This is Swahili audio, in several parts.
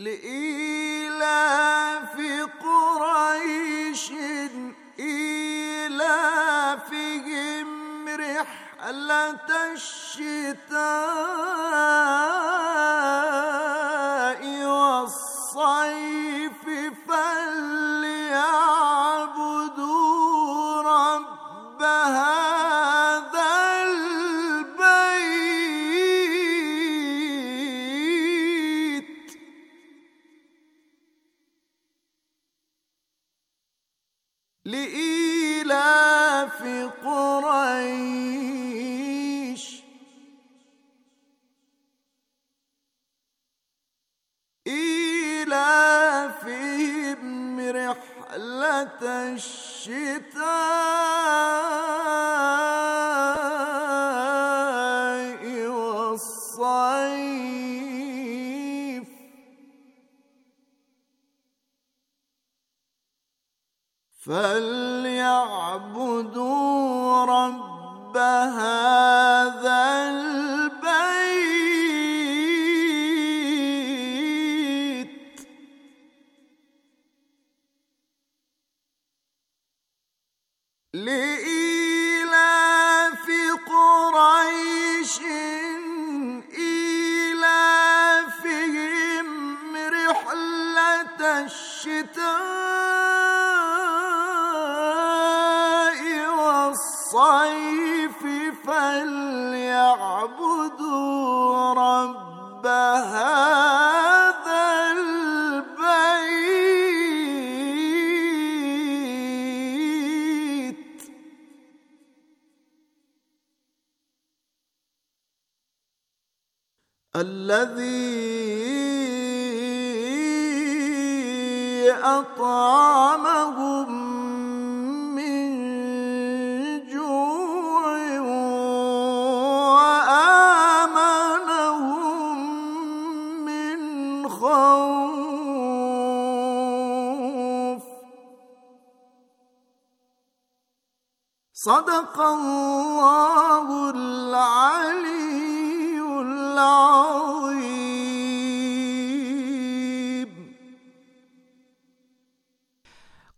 لإيلاف قريش إيلافهم رحلة الشتاء والصيف الشتاء والصيف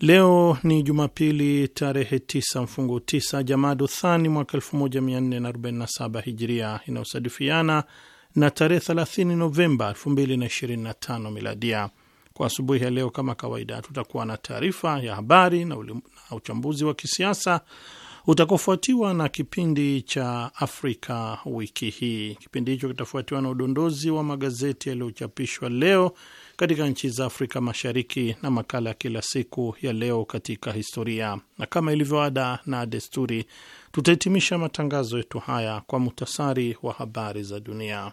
Leo ni Jumapili tarehe 9 mfungo 9 Jamadu Thani mwaka 1447 Hijria, inayosadifiana na tarehe 30 Novemba 2025 Miladia. Kwa asubuhi ya leo, kama kawaida, tutakuwa na taarifa ya habari na, na uchambuzi wa kisiasa utakofuatiwa na kipindi cha Afrika wiki hii. Kipindi hicho kitafuatiwa na udondozi wa magazeti yaliyochapishwa leo katika nchi za Afrika Mashariki na makala ya kila siku ya leo katika historia, na kama ilivyoada na desturi, tutahitimisha matangazo yetu haya kwa muhtasari wa habari za dunia.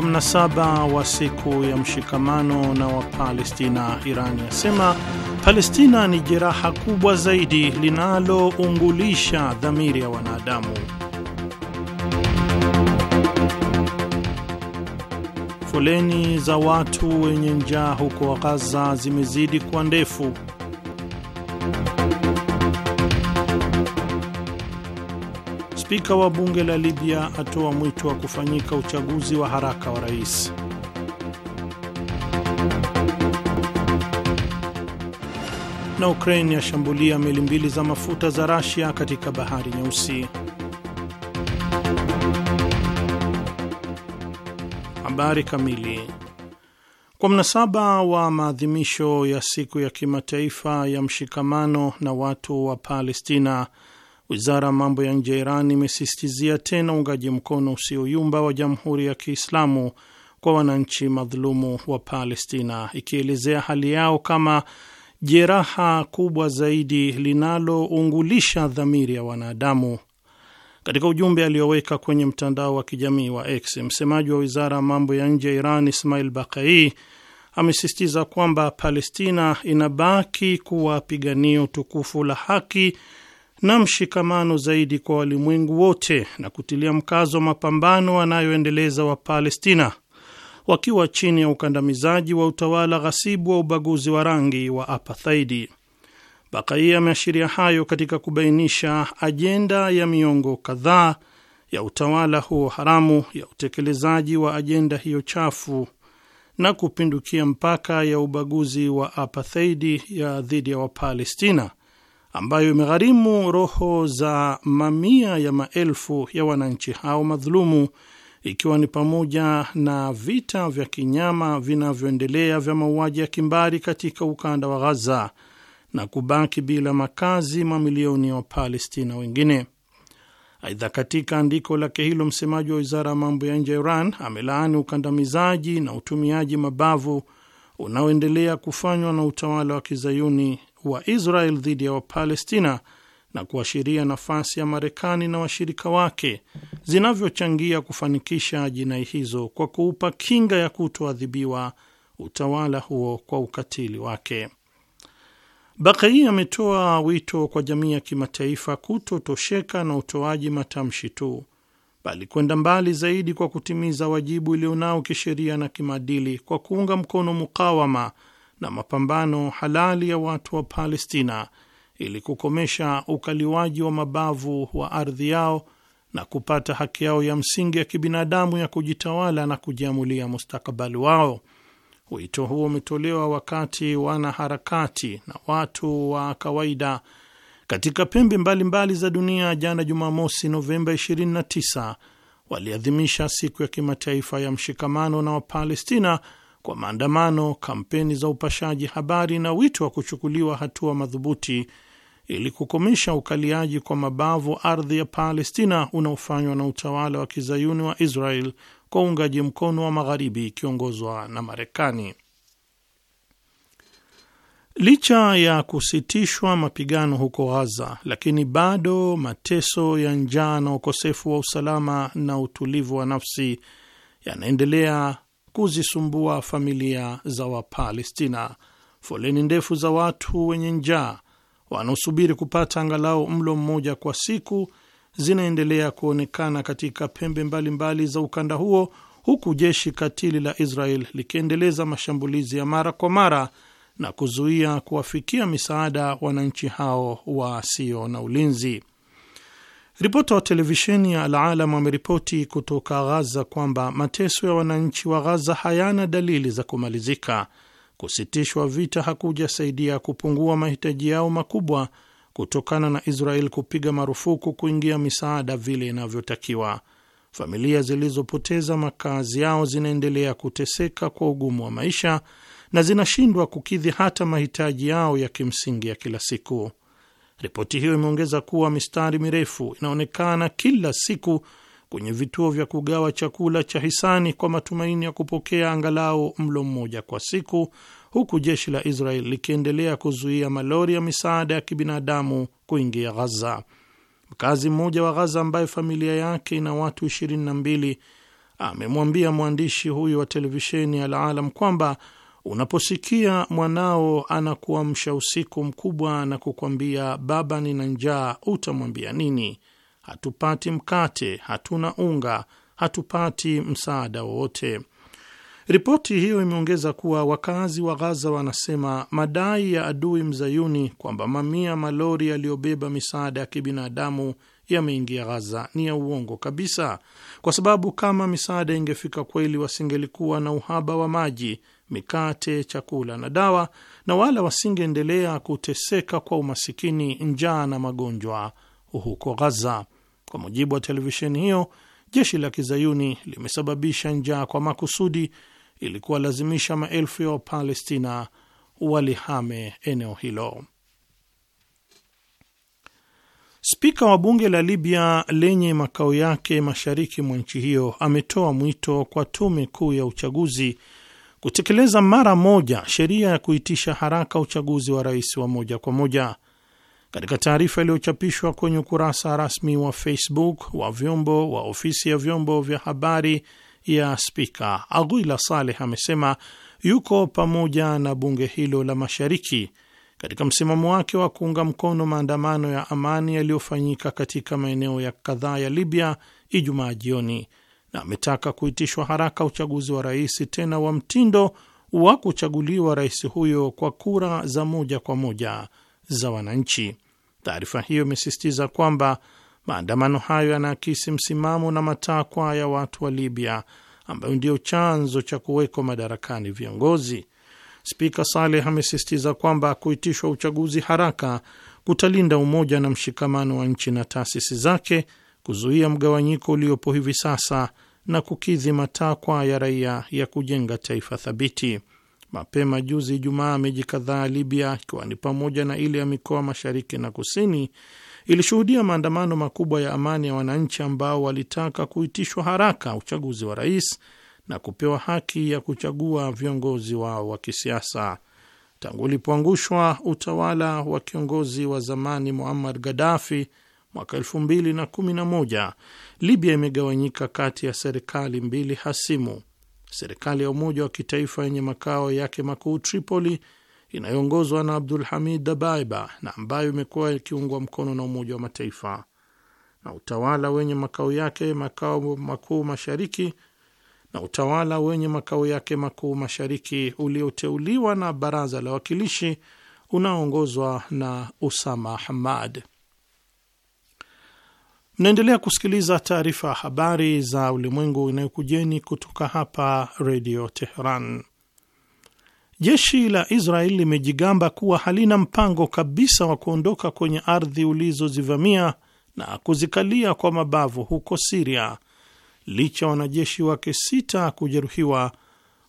kwa mnasaba wa siku ya mshikamano na Wapalestina, Iran yasema Palestina ni jeraha kubwa zaidi linaloungulisha dhamiri ya wanadamu. Foleni za watu wenye njaa huko Gaza zimezidi kuwa ndefu. Spika wa bunge la Libya atoa mwito wa kufanyika uchaguzi wa haraka wa rais. Na Ukraine yashambulia meli mbili za mafuta za Russia katika bahari Nyeusi. Habari kamili. Kwa mnasaba wa maadhimisho ya siku ya kimataifa ya mshikamano na watu wa Palestina Wizara ya mambo ya nje ya Iran imesistizia tena uungaji mkono usioyumba wa Jamhuri ya Kiislamu kwa wananchi madhulumu wa Palestina, ikielezea hali yao kama jeraha kubwa zaidi linaloungulisha dhamiri ya wanadamu. Katika ujumbe aliyoweka kwenye mtandao wa kijamii wa X, msemaji wa wizara ya mambo ya nje ya Iran Ismail Bakai amesisitiza kwamba Palestina inabaki kuwa piganio tukufu la haki na mshikamano zaidi kwa walimwengu wote na kutilia mkazo wa mapambano wanayoendeleza Wapalestina wakiwa chini ya ukandamizaji wa utawala ghasibu wa ubaguzi wa rangi wa apathaidi. Bakai ameashiria hayo katika kubainisha ajenda ya miongo kadhaa ya utawala huo haramu ya utekelezaji wa ajenda hiyo chafu na kupindukia mpaka ya ubaguzi wa apathaidi ya dhidi ya Wapalestina ambayo imegharimu roho za mamia ya maelfu ya wananchi hao madhulumu, ikiwa ni pamoja na vita vya kinyama vinavyoendelea vya mauaji ya kimbari katika ukanda wa Ghaza na kubaki bila makazi mamilioni ya Wapalestina wengine. Aidha, katika andiko lake hilo, msemaji wa wizara ya mambo ya nje ya Iran amelaani ukandamizaji na utumiaji mabavu unaoendelea kufanywa na utawala wa kizayuni wa Israel dhidi ya Wapalestina na kuashiria nafasi ya Marekani na washirika wake zinavyochangia kufanikisha jinai hizo kwa kuupa kinga ya kutoadhibiwa utawala huo kwa ukatili wake. Bakai ametoa wito kwa jamii ya kimataifa kutotosheka na utoaji matamshi tu, bali kwenda mbali zaidi kwa kutimiza wajibu ulionao kisheria na kimaadili kwa kuunga mkono mukawama na mapambano halali ya watu wa Palestina ili kukomesha ukaliwaji wa mabavu wa ardhi yao na kupata haki yao ya msingi ya kibinadamu ya kujitawala na kujiamulia mustakabali wao. Wito huo umetolewa wakati wanaharakati na watu wa kawaida katika pembe mbalimbali mbali za dunia jana Jumamosi Novemba 29 waliadhimisha siku ya kimataifa ya mshikamano na Wapalestina kwa maandamano, kampeni za upashaji habari na wito wa kuchukuliwa hatua madhubuti ili kukomesha ukaliaji kwa mabavu ardhi ya Palestina unaofanywa na utawala wa kizayuni wa Israel kwa uungaji mkono wa magharibi ikiongozwa na Marekani. Licha ya kusitishwa mapigano huko Ghaza, lakini bado mateso ya njaa na ukosefu wa usalama na utulivu wa nafsi yanaendelea kuzisumbua familia za Wapalestina. Foleni ndefu za watu wenye njaa wanaosubiri kupata angalau mlo mmoja kwa siku zinaendelea kuonekana katika pembe mbalimbali mbali za ukanda huo, huku jeshi katili la Israel likiendeleza mashambulizi ya mara kwa mara na kuzuia kuwafikia misaada wananchi hao wasio na ulinzi. Ripota wa televisheni ya Alalam ameripoti kutoka Ghaza kwamba mateso ya wananchi wa Ghaza hayana dalili za kumalizika. Kusitishwa vita hakujasaidia kupungua mahitaji yao makubwa kutokana na Israel kupiga marufuku kuingia misaada vile inavyotakiwa. Familia zilizopoteza makazi yao zinaendelea kuteseka kwa ugumu wa maisha na zinashindwa kukidhi hata mahitaji yao ya kimsingi ya kila siku. Ripoti hiyo imeongeza kuwa mistari mirefu inaonekana kila siku kwenye vituo vya kugawa chakula cha hisani kwa matumaini ya kupokea angalau mlo mmoja kwa siku, huku jeshi la Israel likiendelea kuzuia malori ya misaada ya kibinadamu kuingia Ghaza. Mkazi mmoja wa Ghaza ambaye familia yake ina watu 22 amemwambia mwandishi huyo wa televisheni ya Alalam kwamba Unaposikia mwanao anakuamsha usiku mkubwa na kukwambia baba, nina njaa, utamwambia nini? Hatupati mkate, hatuna unga, hatupati msaada wowote. Ripoti hiyo imeongeza kuwa wakazi wa Ghaza wanasema madai ya adui mzayuni kwamba mamia malori yaliyobeba misaada ya kibinadamu yameingia Ghaza ni ya uongo kabisa, kwa sababu kama misaada ingefika kweli, wasingelikuwa na uhaba wa maji mikate, chakula na dawa, na wala wasingeendelea kuteseka kwa umasikini, njaa na magonjwa huko Ghaza. Kwa mujibu wa televisheni hiyo, jeshi la kizayuni limesababisha njaa kwa makusudi ili kuwalazimisha maelfu ya Wapalestina walihame eneo hilo. Spika wa bunge la Libya lenye makao yake mashariki mwa nchi hiyo ametoa mwito kwa tume kuu ya uchaguzi kutekeleza mara moja sheria ya kuitisha haraka uchaguzi wa rais wa moja kwa moja. Katika taarifa iliyochapishwa kwenye ukurasa rasmi wa Facebook wa vyombo wa ofisi ya vyombo vya habari ya spika, Aguila Saleh amesema yuko pamoja na bunge hilo la mashariki katika msimamo wake wa kuunga mkono maandamano ya amani yaliyofanyika katika maeneo ya kadhaa ya Libya Ijumaa jioni na ametaka kuitishwa haraka uchaguzi wa rais tena wa mtindo wa kuchaguliwa rais huyo kwa kura za moja kwa moja za wananchi. Taarifa hiyo imesisitiza kwamba maandamano hayo yanaakisi msimamo na matakwa ya watu wa Libya ambayo ndiyo chanzo cha kuwekwa madarakani viongozi. Spika Saleh amesisitiza kwamba kuitishwa uchaguzi haraka kutalinda umoja na mshikamano wa nchi na taasisi zake kuzuia mgawanyiko uliopo hivi sasa na kukidhi matakwa ya raia ya kujenga taifa thabiti. Mapema juzi Ijumaa, miji kadhaa Libya, ikiwa ni pamoja na ile ya mikoa mashariki na kusini, ilishuhudia maandamano makubwa ya amani ya wananchi ambao walitaka kuitishwa haraka uchaguzi wa rais na kupewa haki ya kuchagua viongozi wao wa kisiasa. Tangu ulipoangushwa utawala wa kiongozi wa zamani Muammar Gaddafi mwaka moja Libya imegawanyika kati ya serikali mbili hasimu, serikali ya umoja wa kitaifa yenye makao yake makuu Tripoli inayoongozwa na Abdul Hamid Dabaiba na ambayo imekuwa ikiungwa mkono na Umoja wa Mataifa na utawala wenye makao yake makao makuu mashariki na utawala wenye makao yake makuu mashariki ulioteuliwa na Baraza la Wawakilishi unaoongozwa na Usama Hamad. Mnaendelea kusikiliza taarifa ya habari za ulimwengu inayokujeni kutoka hapa Redio Teheran. Jeshi la israel limejigamba kuwa halina mpango kabisa wa kuondoka kwenye ardhi ulizozivamia na kuzikalia kwa mabavu huko Siria, licha wanajeshi wake sita kujeruhiwa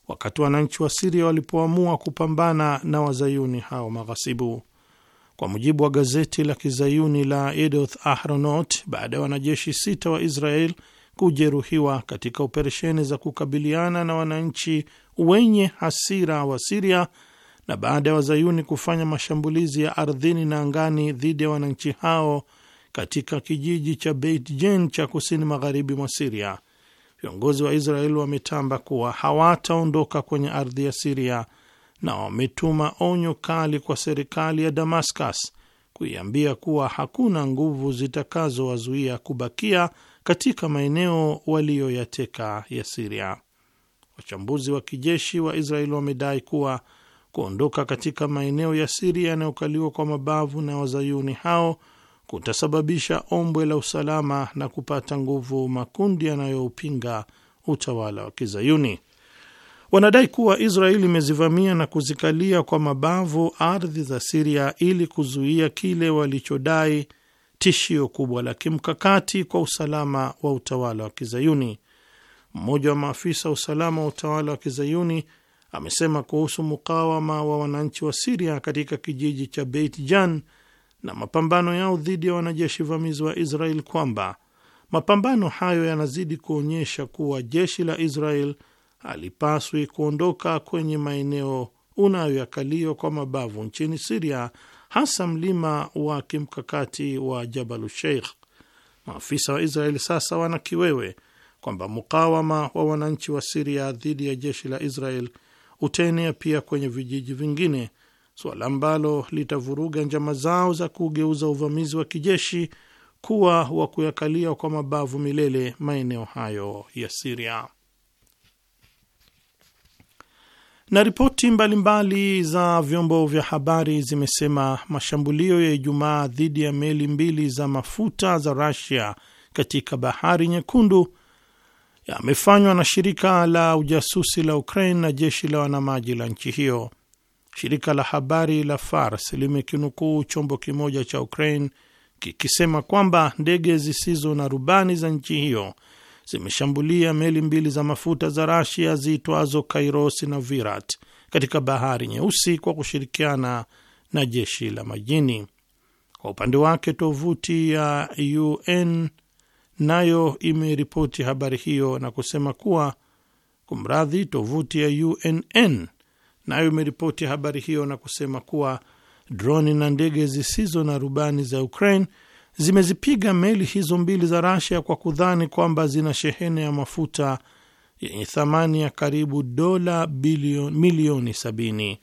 wakati wananchi wa Siria walipoamua kupambana na wazayuni hao maghasibu. Kwa mujibu wa gazeti la kizayuni la Edoth Ahronot, baada ya wanajeshi sita wa Israel kujeruhiwa katika operesheni za kukabiliana na wananchi wenye hasira wa Siria na baada ya wazayuni kufanya mashambulizi ya ardhini na angani dhidi ya wananchi hao katika kijiji cha Beit Jen cha kusini magharibi mwa Siria, viongozi wa Israel wametamba kuwa hawataondoka kwenye ardhi ya Siria na wametuma onyo kali kwa serikali ya Damascus kuiambia kuwa hakuna nguvu zitakazowazuia kubakia katika maeneo waliyoyateka ya Siria. Wachambuzi wa kijeshi wa Israeli wamedai kuwa kuondoka katika maeneo ya Siria yanayokaliwa kwa mabavu na wazayuni hao kutasababisha ombwe la usalama na kupata nguvu makundi yanayoupinga utawala wa kizayuni. Wanadai kuwa Israeli imezivamia na kuzikalia kwa mabavu ardhi za Siria ili kuzuia kile walichodai tishio kubwa la kimkakati kwa usalama wa utawala wa Kizayuni. Mmoja wa maafisa wa usalama wa utawala wa Kizayuni amesema kuhusu mukawama wa wananchi wa Siria katika kijiji cha Beit Jan na mapambano yao dhidi ya wanajeshi vamizi wa Israel kwamba mapambano hayo yanazidi kuonyesha kuwa jeshi la Israel halipaswi kuondoka kwenye maeneo unayoyakaliwa kwa mabavu nchini Siria, hasa mlima wa kimkakati wa Jabalu Sheikh. Maafisa wa Israeli sasa wana kiwewe kwamba mukawama wa wananchi wa Siria dhidi ya jeshi la Israel utaenea pia kwenye vijiji vingine, suala ambalo litavuruga njama zao za kugeuza uvamizi wa kijeshi kuwa wa kuyakalia kwa mabavu milele maeneo hayo ya Siria. Na ripoti mbalimbali za vyombo vya habari zimesema mashambulio ya Ijumaa dhidi ya meli mbili za mafuta za rasia katika bahari Nyekundu yamefanywa na shirika la ujasusi la Ukraine na jeshi la wanamaji la nchi hiyo. Shirika la habari la Fars limekinukuu chombo kimoja cha Ukraine kikisema kwamba ndege zisizo na rubani za nchi hiyo zimeshambulia meli mbili za mafuta za Rasia ziitwazo Kairos na Virat katika bahari Nyeusi kwa kushirikiana na jeshi la majini. Kwa upande wake, tovuti ya UN nayo imeripoti habari hiyo na kusema kuwa kumradhi, tovuti ya UNN nayo imeripoti habari hiyo na kusema kuwa droni na ndege zisizo na rubani za Ukraine zimezipiga meli hizo mbili za Rasia kwa kudhani kwamba zina shehena ya mafuta yenye thamani ya karibu dola milioni sabini.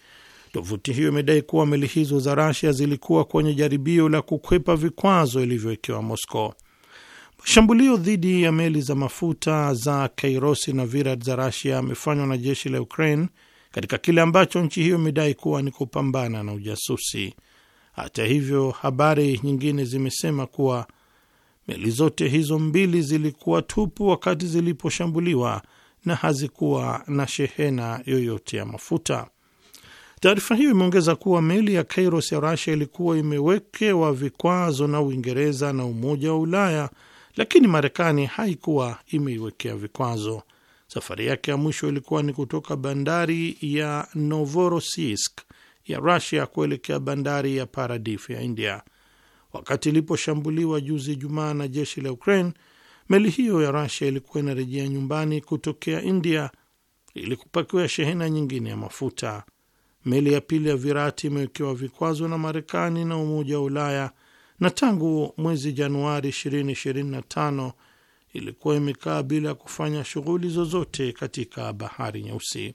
Tovuti hiyo imedai kuwa meli hizo za Rasia zilikuwa kwenye jaribio la kukwepa vikwazo ilivyowekewa Moscow. Mashambulio dhidi ya meli za mafuta za Kairosi na Virat za Rasia amefanywa na jeshi la Ukraine katika kile ambacho nchi hiyo imedai kuwa ni kupambana na ujasusi. Hata hivyo, habari nyingine zimesema kuwa meli zote hizo mbili zilikuwa tupu wakati ziliposhambuliwa na hazikuwa na shehena yoyote ya mafuta. Taarifa hiyo imeongeza kuwa meli ya Kairos ya rasia ilikuwa imewekewa vikwazo na Uingereza na Umoja wa Ulaya, lakini Marekani haikuwa imeiwekea vikwazo. Safari yake ya mwisho ilikuwa ni kutoka bandari ya Novorossiysk ya rusia kuelekea bandari ya Paradif ya India. Wakati iliposhambuliwa juzi Jumaa na jeshi la Ukraine, meli hiyo ya rusia ilikuwa inarejea nyumbani kutokea India ili kupakiwa shehena nyingine ya mafuta. Meli ya pili ya Virati imewekewa vikwazo na Marekani na Umoja wa Ulaya, na tangu mwezi Januari 2025 ilikuwa imekaa bila kufanya shughuli zozote katika Bahari Nyeusi.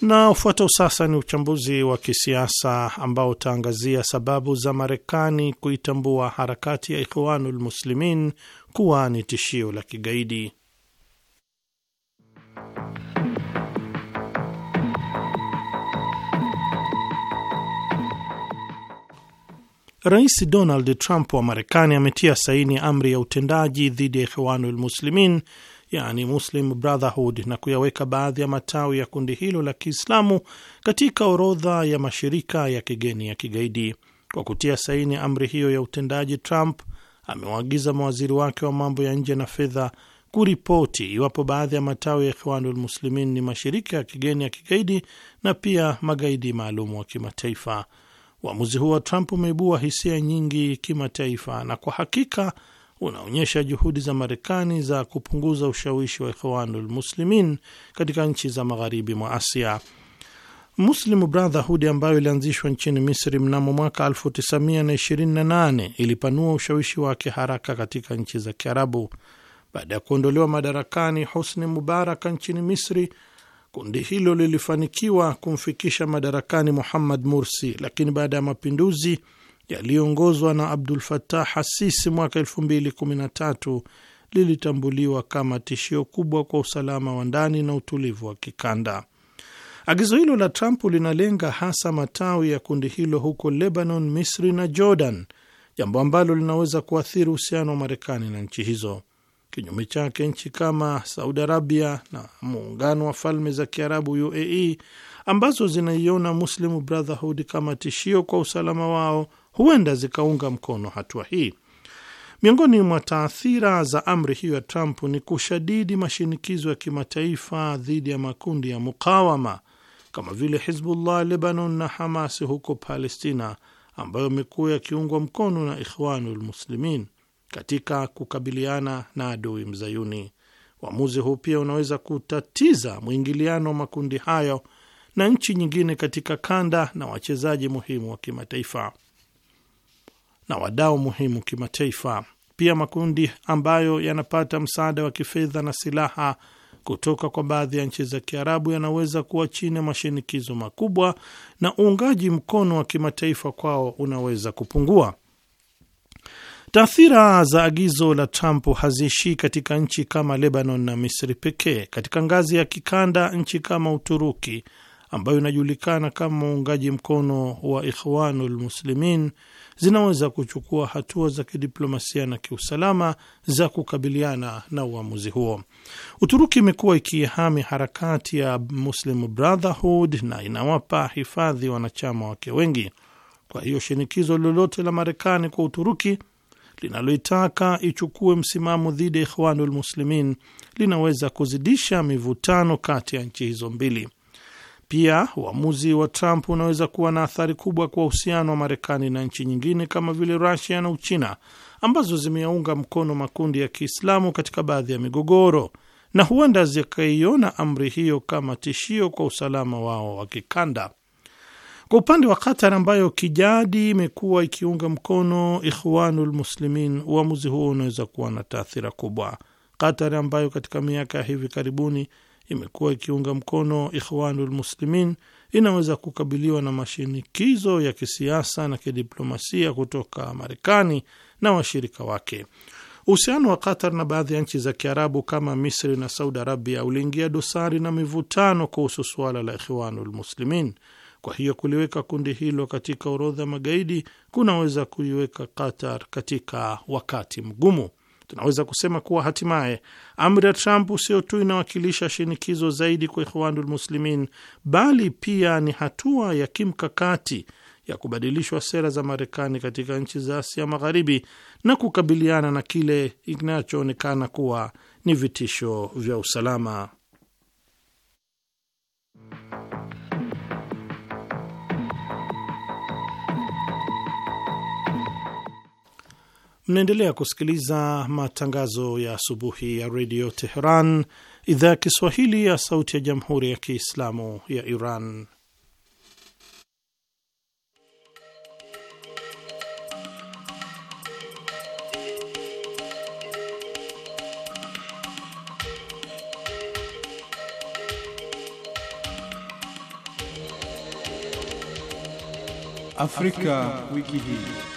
Na ufuato sasa ni uchambuzi wa kisiasa ambao utaangazia sababu za Marekani kuitambua harakati ya Ikhwanul Muslimin kuwa ni tishio la kigaidi. Rais Donald Trump wa Marekani ametia saini amri ya utendaji dhidi ya Ikhwanul Muslimin yani Muslim Brotherhood na kuyaweka baadhi ya matawi ya kundi hilo la Kiislamu katika orodha ya mashirika ya kigeni ya kigaidi. Kwa kutia saini amri hiyo ya utendaji, Trump amewaagiza mawaziri wake wa mambo ya nje na fedha kuripoti iwapo baadhi ya matawi ya Ikhwanul Muslimin ni mashirika ya kigeni ya kigaidi na pia magaidi maalumu wa kimataifa. Uamuzi huo wa Trump umeibua hisia nyingi kimataifa, na kwa hakika unaonyesha juhudi za Marekani za kupunguza ushawishi wa Ikhwanul Muslimin katika nchi za magharibi mwa Asia. Muslim Brotherhood ambayo ilianzishwa nchini Misri mnamo mwaka 1928 ilipanua ushawishi wake haraka katika nchi za Kiarabu. Baada ya kuondolewa madarakani husni Mubaraka nchini Misri, kundi hilo lilifanikiwa kumfikisha madarakani Muhammad Mursi, lakini baada ya mapinduzi yaliyoongozwa na Abdul fatah Asisi mwaka tatu lilitambuliwa kama tishio kubwa kwa usalama wa ndani na utulivu wa kikanda. Agizo hilo la Trump linalenga hasa matawi ya kundi hilo huko Lebanon, Misri na Jordan, jambo ambalo linaweza kuathiri uhusiano wa Marekani na nchi hizo. Kinyume chake, nchi kama Saudi Arabia na Muungano wa Falme za Kiarabu, UAE, ambazo zinaiona Muslim Brotherhood kama tishio kwa usalama wao huenda zikaunga mkono hatua hii. Miongoni mwa taathira za amri hiyo ya Trump ni kushadidi mashinikizo ya kimataifa dhidi ya makundi ya mukawama kama vile Hizbullah Lebanon na Hamasi huko Palestina, ambayo amekuwa yakiungwa mkono na Ikhwanul Muslimin katika kukabiliana na adui mzayuni. Uamuzi huu pia unaweza kutatiza mwingiliano wa makundi hayo na nchi nyingine katika kanda na wachezaji muhimu wa kimataifa na wadau muhimu kimataifa. Pia makundi ambayo yanapata msaada wa kifedha na silaha kutoka kwa baadhi ya nchi za Kiarabu yanaweza kuwa chini ya mashinikizo makubwa na uungaji mkono wa kimataifa kwao unaweza kupungua. Taathira za agizo la Trump haziishii katika nchi kama Lebanon na Misri pekee. Katika ngazi ya kikanda, nchi kama Uturuki ambayo inajulikana kama uungaji mkono wa Ikhwanul Muslimin zinaweza kuchukua hatua za kidiplomasia na kiusalama za kukabiliana na uamuzi huo. Uturuki imekuwa ikihami harakati ya Muslim Brotherhood na inawapa hifadhi wanachama wake wengi. Kwa hiyo shinikizo lolote la Marekani kwa Uturuki linaloitaka ichukue msimamo dhidi ya Ikhwanul Muslimin linaweza kuzidisha mivutano kati ya nchi hizo mbili. Pia uamuzi wa Trump unaweza kuwa na athari kubwa kwa uhusiano wa Marekani na nchi nyingine kama vile Rusia na Uchina ambazo zimeyaunga mkono makundi ya Kiislamu katika baadhi ya migogoro na huenda zikaiona amri hiyo kama tishio kwa usalama wao wa kikanda. Kwa upande wa Qatar ambayo kijadi imekuwa ikiunga mkono Ikhwanul Muslimin, uamuzi huo unaweza kuwa na taathira kubwa. Qatar ambayo katika miaka ya hivi karibuni imekuwa ikiunga mkono Ikhwanul Muslimin inaweza kukabiliwa na mashinikizo ya kisiasa na kidiplomasia kutoka Marekani na washirika wake. Uhusiano wa Qatar na baadhi ya nchi za Kiarabu kama Misri na Saudi Arabia uliingia dosari na mivutano kuhusu suala la Ikhwanul Muslimin. Kwa hiyo kuliweka kundi hilo katika orodha magaidi kunaweza kuiweka Qatar katika wakati mgumu tunaweza kusema kuwa hatimaye amri ya Trump sio tu inawakilisha shinikizo zaidi kwa Ikhwanul Muslimin bali pia ni hatua ya kimkakati ya kubadilishwa sera za Marekani katika nchi za Asia Magharibi na kukabiliana na kile kinachoonekana kuwa ni vitisho vya usalama. Mnaendelea kusikiliza matangazo ya asubuhi ya redio Teheran, idhaa ya Kiswahili ya sauti ya jamhuri ya Kiislamu ya Iran. Afrika, Afrika wiki hii.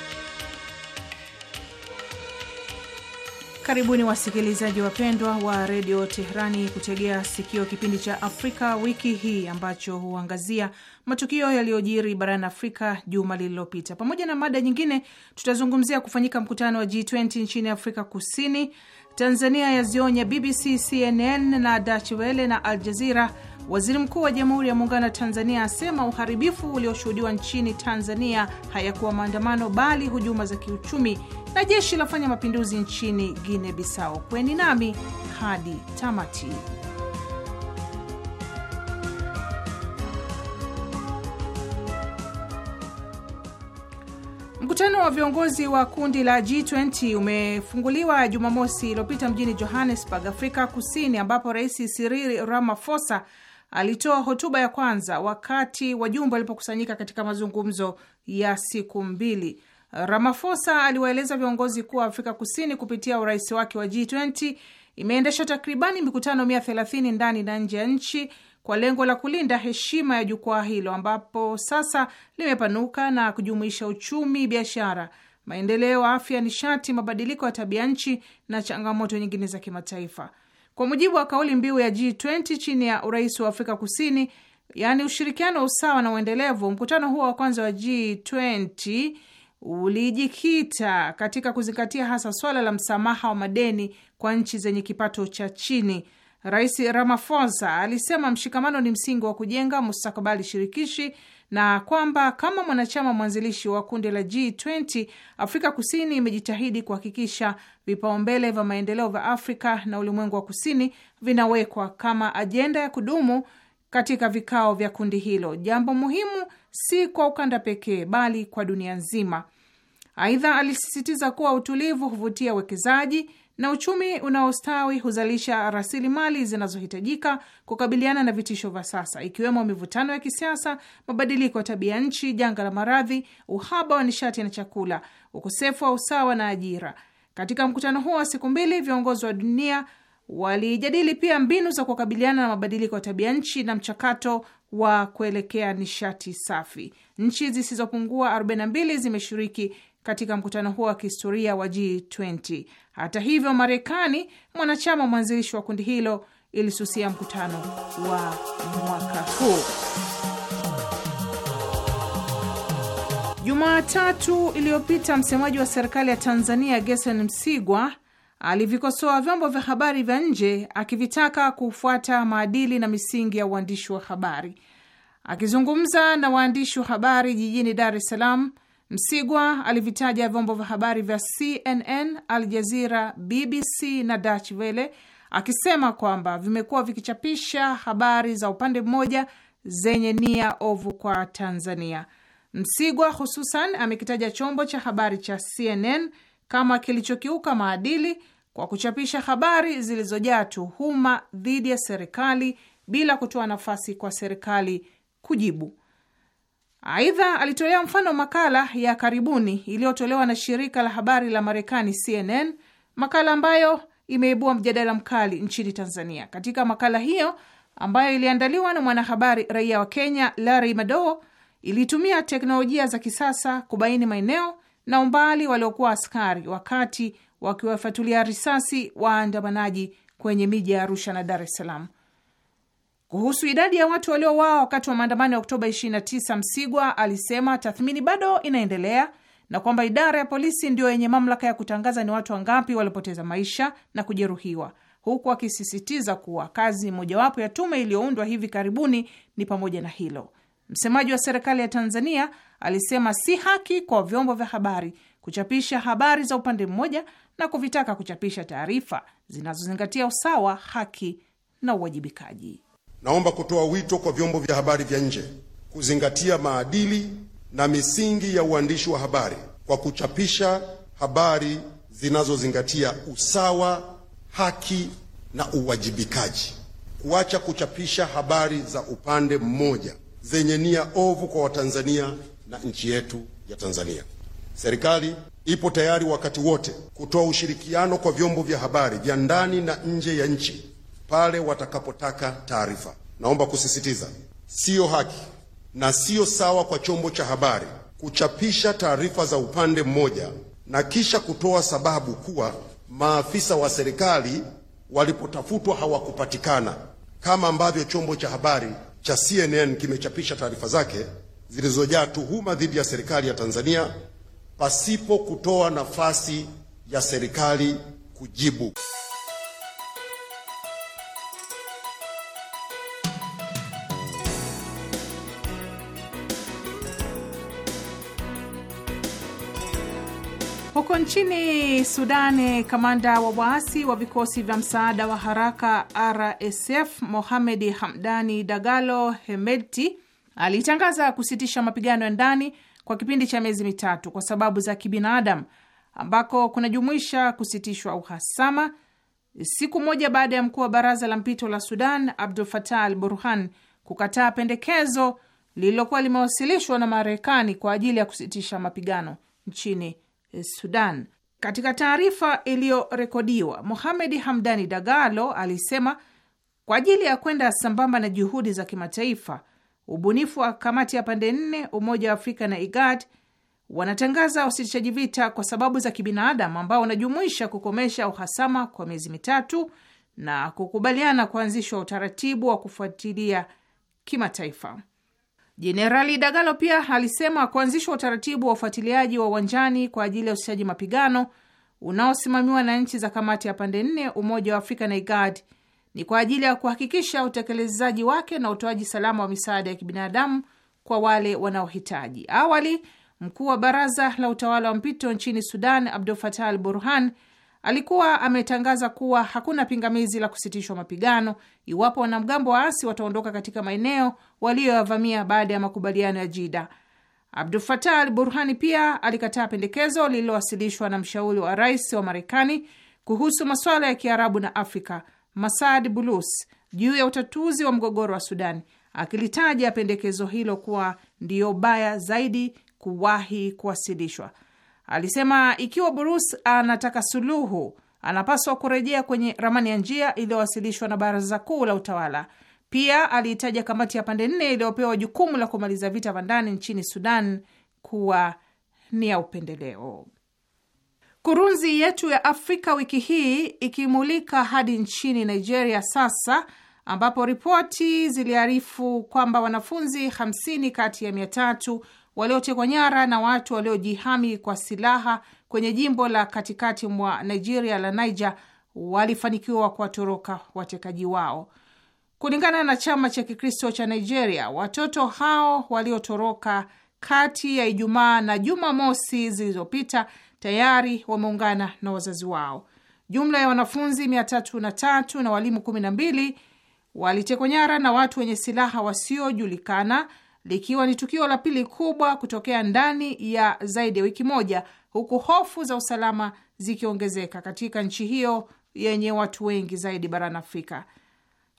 Karibuni wasikilizaji wapendwa wa redio Teherani kutegea sikio kipindi cha Afrika wiki hii ambacho huangazia matukio yaliyojiri barani Afrika juma lililopita. Pamoja na mada nyingine, tutazungumzia kufanyika mkutano wa G20 nchini Afrika Kusini, Tanzania yazionya BBC, CNN na Deutsche Welle na Al Jazeera Waziri Mkuu wa Jamhuri ya Muungano wa Tanzania asema uharibifu ulioshuhudiwa nchini Tanzania hayakuwa maandamano bali hujuma za kiuchumi, na jeshi lafanya mapinduzi nchini Guinea Bissau. Kweni nami hadi tamati. Mkutano wa viongozi wa kundi la G20 umefunguliwa Jumamosi iliyopita mjini Johannesburg, Afrika Kusini, ambapo Rais Cyril Ramaphosa alitoa hotuba ya kwanza wakati wajumbe walipokusanyika katika mazungumzo ya siku mbili. Ramaphosa aliwaeleza viongozi kuwa Afrika Kusini kupitia urais wake wa G20 imeendesha takribani mikutano thelathini ndani na nje ya nchi kwa lengo la kulinda heshima ya jukwaa hilo ambapo sasa limepanuka na kujumuisha uchumi, biashara, maendeleo, afya, nishati, mabadiliko ya tabia nchi na changamoto nyingine za kimataifa. Kwa mujibu wa kauli mbiu ya G20 chini ya urais wa Afrika Kusini, yaani ushirikiano, usawa na uendelevu, mkutano huo wa kwanza wa G20 ulijikita katika kuzingatia hasa swala la msamaha wa madeni kwa nchi zenye kipato cha chini. Rais Ramaphosa alisema mshikamano ni msingi wa kujenga mustakabali shirikishi na kwamba kama mwanachama mwanzilishi wa kundi la G20, Afrika Kusini imejitahidi kuhakikisha vipaumbele vya maendeleo vya Afrika na ulimwengu wa Kusini vinawekwa kama ajenda ya kudumu katika vikao vya kundi hilo, jambo muhimu si kwa ukanda pekee, bali kwa dunia nzima. Aidha, alisisitiza kuwa utulivu huvutia uwekezaji na uchumi unaostawi huzalisha rasilimali zinazohitajika kukabiliana na vitisho vya sasa, ikiwemo mivutano ya kisiasa, mabadiliko ya tabia nchi, janga la maradhi, uhaba wa nishati na chakula, ukosefu wa usawa na ajira. Katika mkutano huo wa siku mbili, viongozi wa dunia walijadili pia mbinu za kukabiliana na mabadiliko ya tabia nchi na mchakato wa kuelekea nishati safi. Nchi zisizopungua 42 zimeshiriki katika mkutano huo wa kihistoria wa G20. Hata hivyo, Marekani, mwanachama mwanzilishi wa kundi hilo, ilisusia mkutano wa mwaka huu. Jumatatu iliyopita msemaji wa serikali ya Tanzania Gerson Msigwa alivikosoa vyombo vya habari vya nje akivitaka kufuata maadili na misingi ya uandishi wa habari. Akizungumza na waandishi wa habari jijini Dar es Salaam Msigwa alivitaja vyombo vya habari vya CNN, Al Jazeera, BBC na Deutsche Welle akisema kwamba vimekuwa vikichapisha habari za upande mmoja zenye nia ovu kwa Tanzania. Msigwa hususan amekitaja chombo cha habari cha CNN kama kilichokiuka maadili kwa kuchapisha habari zilizojaa tuhuma dhidi ya serikali bila kutoa nafasi kwa serikali kujibu. Aidha, alitolea mfano makala ya karibuni iliyotolewa na shirika la habari la Marekani CNN, makala ambayo imeibua mjadala mkali nchini Tanzania. Katika makala hiyo ambayo iliandaliwa na mwanahabari raia wa Kenya Larry Madowo, ilitumia teknolojia za kisasa kubaini maeneo na umbali waliokuwa askari wakati wakiwafatulia risasi waandamanaji kwenye miji ya Arusha na Dar es Salaam. Kuhusu idadi ya watu waliouawa wakati wa maandamano ya Oktoba 29, Msigwa alisema tathmini bado inaendelea na kwamba idara ya polisi ndiyo yenye mamlaka ya kutangaza ni watu wangapi walipoteza maisha na kujeruhiwa, huku akisisitiza kuwa kazi mojawapo ya tume iliyoundwa hivi karibuni ni pamoja na hilo. Msemaji wa serikali ya Tanzania alisema si haki kwa vyombo vya habari kuchapisha habari za upande mmoja na kuvitaka kuchapisha taarifa zinazozingatia usawa, haki na uwajibikaji. Naomba kutoa wito kwa vyombo vya habari vya nje kuzingatia maadili na misingi ya uandishi wa habari kwa kuchapisha habari zinazozingatia usawa, haki na uwajibikaji, kuacha kuchapisha habari za upande mmoja zenye nia ovu kwa Watanzania na nchi yetu ya Tanzania. Serikali ipo tayari wakati wote kutoa ushirikiano kwa vyombo vya habari vya ndani na nje ya nchi pale watakapotaka taarifa. Naomba kusisitiza, siyo haki na siyo sawa kwa chombo cha habari kuchapisha taarifa za upande mmoja na kisha kutoa sababu kuwa maafisa wa serikali walipotafutwa hawakupatikana, kama ambavyo chombo cha habari cha CNN kimechapisha taarifa zake zilizojaa tuhuma dhidi ya serikali ya Tanzania pasipo kutoa nafasi ya serikali kujibu. Huko nchini Sudani, kamanda wa waasi wa vikosi vya msaada wa haraka RSF Mohamedi Hamdani Dagalo Hemedti alitangaza kusitisha mapigano ya ndani kwa kipindi cha miezi mitatu kwa sababu za kibinadamu, ambako kunajumuisha kusitishwa uhasama, siku moja baada ya mkuu wa baraza la mpito la Sudan Abdul Fatah al Burhan kukataa pendekezo lililokuwa limewasilishwa na Marekani kwa ajili ya kusitisha mapigano nchini Eh, Sudan. Katika taarifa iliyorekodiwa, muhamedi Hamdani Dagalo alisema kwa ajili ya kwenda sambamba na juhudi za kimataifa, ubunifu wa kamati ya pande nne, Umoja wa Afrika na IGAD wanatangaza usitishaji vita kwa sababu za kibinadamu ambao unajumuisha kukomesha uhasama kwa miezi mitatu na kukubaliana kuanzishwa utaratibu wa kufuatilia kimataifa. Jenerali Dagalo pia alisema kuanzishwa utaratibu wa ufuatiliaji wa uwanjani kwa ajili ya usitishaji mapigano unaosimamiwa na nchi za kamati ya pande nne, Umoja wa Afrika na IGAD ni kwa ajili ya kuhakikisha utekelezaji wake na utoaji salama wa misaada ya kibinadamu kwa wale wanaohitaji. Awali, mkuu wa baraza la utawala wa mpito nchini Sudan Abdul Fatah al Burhan alikuwa ametangaza kuwa hakuna pingamizi la kusitishwa mapigano iwapo wanamgambo waasi wataondoka katika maeneo waliyoyavamia baada ya makubaliano ya Jida. Abdul Fatah al Burhani pia alikataa pendekezo lililowasilishwa na mshauri wa rais wa Marekani kuhusu masuala ya Kiarabu na Afrika, Masad Bulus, juu ya utatuzi wa mgogoro wa Sudani, akilitaja pendekezo hilo kuwa ndiyo baya zaidi kuwahi kuwasilishwa. Alisema ikiwa brus anataka suluhu, anapaswa kurejea kwenye ramani ya njia iliyowasilishwa na Baraza Kuu la Utawala. Pia aliitaja kamati ya pande nne iliyopewa jukumu la kumaliza vita vya ndani nchini Sudan kuwa ni ya upendeleo. Kurunzi yetu ya Afrika wiki hii ikimulika hadi nchini Nigeria sasa, ambapo ripoti ziliarifu kwamba wanafunzi 50 kati ya mia tatu waliotekwa nyara na watu waliojihami kwa silaha kwenye jimbo la katikati mwa Nigeria la Niger walifanikiwa kuwatoroka watekaji wao. Kulingana na chama cha Kikristo cha Nigeria, watoto hao waliotoroka kati ya Ijumaa na Jumamosi zilizopita tayari wameungana na wazazi wao. Jumla ya wanafunzi mia tatu na tatu na walimu kumi na mbili walitekwa nyara na watu wenye silaha wasiojulikana likiwa ni tukio la pili kubwa kutokea ndani ya zaidi ya wiki moja, huku hofu za usalama zikiongezeka katika nchi hiyo yenye watu wengi zaidi barani Afrika.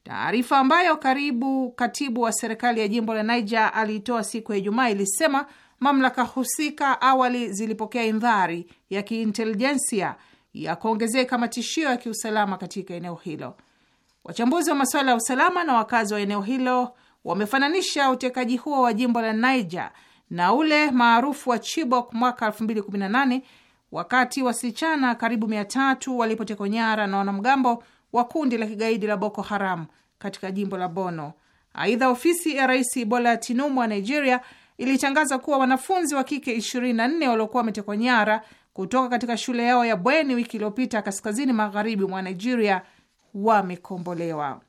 Taarifa ambayo karibu katibu wa serikali ya jimbo la Niger aliitoa siku ya Ijumaa ilisema mamlaka husika awali zilipokea indhari ya kiintelijensia ya kuongezeka matishio ya kiusalama katika eneo hilo. Wachambuzi wa masuala ya usalama na wakazi wa eneo hilo wamefananisha utekaji huo wa jimbo la Niger na ule maarufu wa Chibok mwaka 2018 wakati wasichana karibu 3 walipotekwa nyara na wanamgambo wa kundi la kigaidi la Boko Haram katika jimbo la Bono. Aidha, ofisi ya Rais Bola Tinubu wa Nigeria ilitangaza kuwa wanafunzi wa kike 24 waliokuwa wametekwa nyara kutoka katika shule yao ya bweni wiki iliyopita kaskazini magharibi mwa Nigeria wamekombolewa.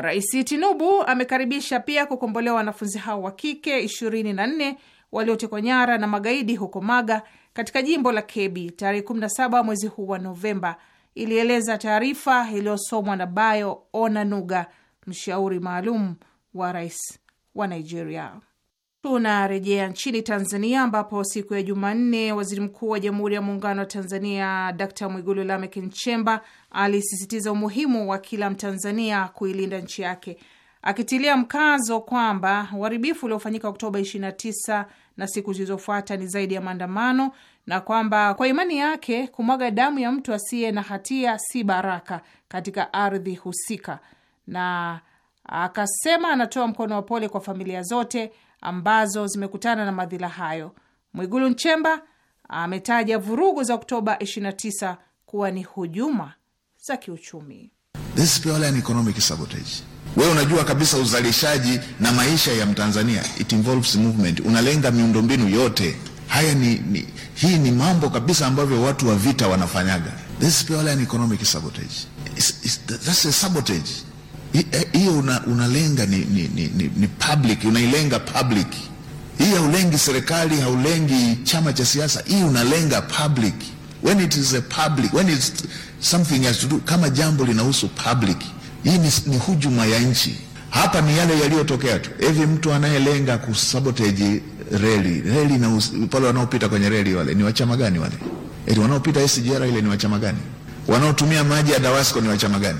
Rais Tinubu amekaribisha pia kukombolewa wanafunzi hao wa kike 24 waliotekwa nyara na magaidi huko Maga katika jimbo la Kebi tarehe 17 mwezi huu wa Novemba, ilieleza taarifa iliyosomwa na Bayo Onanuga, mshauri maalum wa rais wa Nigeria. Tunarejea nchini Tanzania ambapo siku ya Jumanne waziri mkuu wa Jamhuri ya Muungano wa Tanzania Dkt Mwigulu Lamek Nchemba alisisitiza umuhimu wa kila Mtanzania kuilinda nchi yake, akitilia mkazo kwamba uharibifu uliofanyika Oktoba 29 na siku zilizofuata ni zaidi ya maandamano na kwamba kwa imani yake kumwaga damu ya mtu asiye na hatia si baraka katika ardhi husika, na akasema anatoa mkono wa pole kwa familia zote ambazo zimekutana na madhila hayo. Mwigulu Nchemba ametaja vurugu za Oktoba 29 kuwa ni hujuma za kiuchumi. This purely an economic sabotage. Wewe unajua kabisa uzalishaji na maisha ya Mtanzania, it involves movement, unalenga miundombinu yote. Haya ni, ni, hii ni mambo kabisa ambavyo watu wa vita wanafanyaga. This purely an economic sabotage. It's, it's, that's a sabotage. Eh, hiyo una, unalenga ni, ni, ni, ni, ni public, unailenga public hii. Haulengi serikali, haulengi chama cha siasa, hii unalenga public. When it is a public, when it's something has to do, kama jambo linahusu public, hii ni, ni hujuma ya nchi. Hapa ni yale yaliyotokea tu hivi, mtu anayelenga kusabotage reli reli na pale wanaopita kwenye reli wale ni wachama gani wale? Eti wanaopita SGR ile ni wachama gani? Wanaotumia maji ya Dawasco ni wachama gani?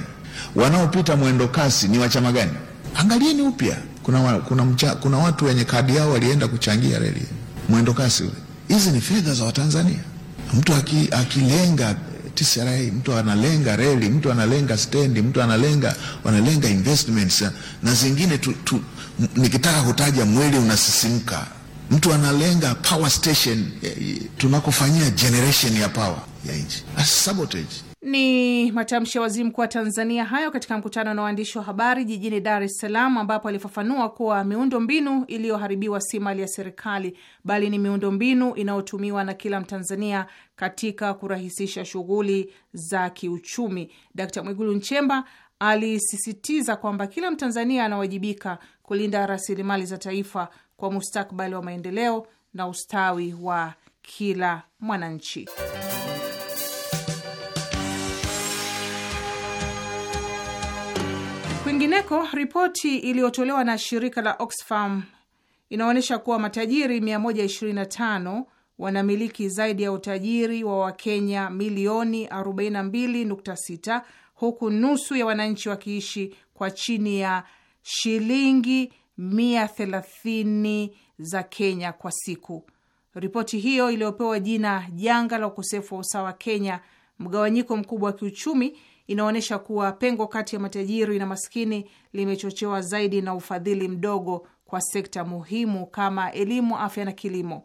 wanaopita mwendo kasi ni wa chama gani? Angalieni upya. Kuna, wa, kuna, mcha, kuna watu wenye kadi yao walienda kuchangia reli mwendo kasi ule. Hizi ni fedha za Watanzania. Mtu akilenga aki TCRA, mtu analenga reli, mtu analenga stendi, mtu analenga wanalenga investments na zingine tu, tu, nikitaka kutaja mwili unasisimka. Mtu analenga power station, eh, tunakofanyia generation ya power ya nchi, sabotage ni matamshi ya waziri mkuu wa Tanzania hayo katika mkutano na waandishi wa habari jijini Dar es Salaam, ambapo alifafanua kuwa miundo mbinu iliyoharibiwa si mali ya serikali, bali ni miundo mbinu inayotumiwa na kila Mtanzania katika kurahisisha shughuli za kiuchumi. Dkt Mwigulu Nchemba alisisitiza kwamba kila Mtanzania anawajibika kulinda rasilimali za taifa kwa mustakbali wa maendeleo na ustawi wa kila mwananchi. Kwingineko, ripoti iliyotolewa na shirika la Oxfam inaonyesha kuwa matajiri 125 wanamiliki zaidi ya utajiri wa Wakenya milioni 42.6 huku nusu ya wananchi wakiishi kwa chini ya shilingi 130 za Kenya kwa siku. Ripoti hiyo iliyopewa jina janga la ukosefu wa usawa Kenya, mgawanyiko mkubwa wa kiuchumi inaonyesha kuwa pengo kati ya matajiri na maskini limechochewa zaidi na ufadhili mdogo kwa sekta muhimu kama elimu, afya na kilimo.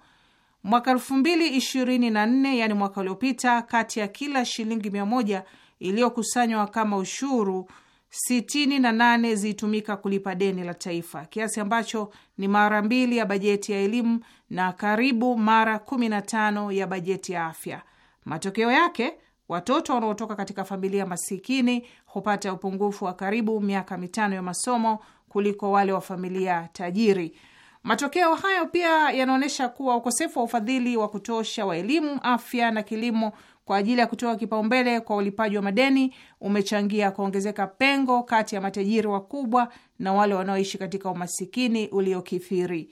Mwaka elfu mbili ishirini na nne, yani mwaka uliopita, kati ya kila shilingi mia moja iliyokusanywa kama ushuru, sitini na nane zilitumika kulipa deni la taifa, kiasi ambacho ni mara mbili ya bajeti ya elimu na karibu mara kumi na tano ya bajeti ya afya. Matokeo yake Watoto wanaotoka katika familia masikini hupata upungufu wa karibu miaka mitano ya masomo kuliko wale wa familia tajiri. Matokeo hayo pia yanaonyesha kuwa ukosefu wa ufadhili wa kutosha wa elimu, afya na kilimo kwa ajili ya kutoa kipaumbele kwa ulipaji wa madeni umechangia kuongezeka pengo kati ya matajiri wakubwa na wale wanaoishi katika umasikini uliokithiri.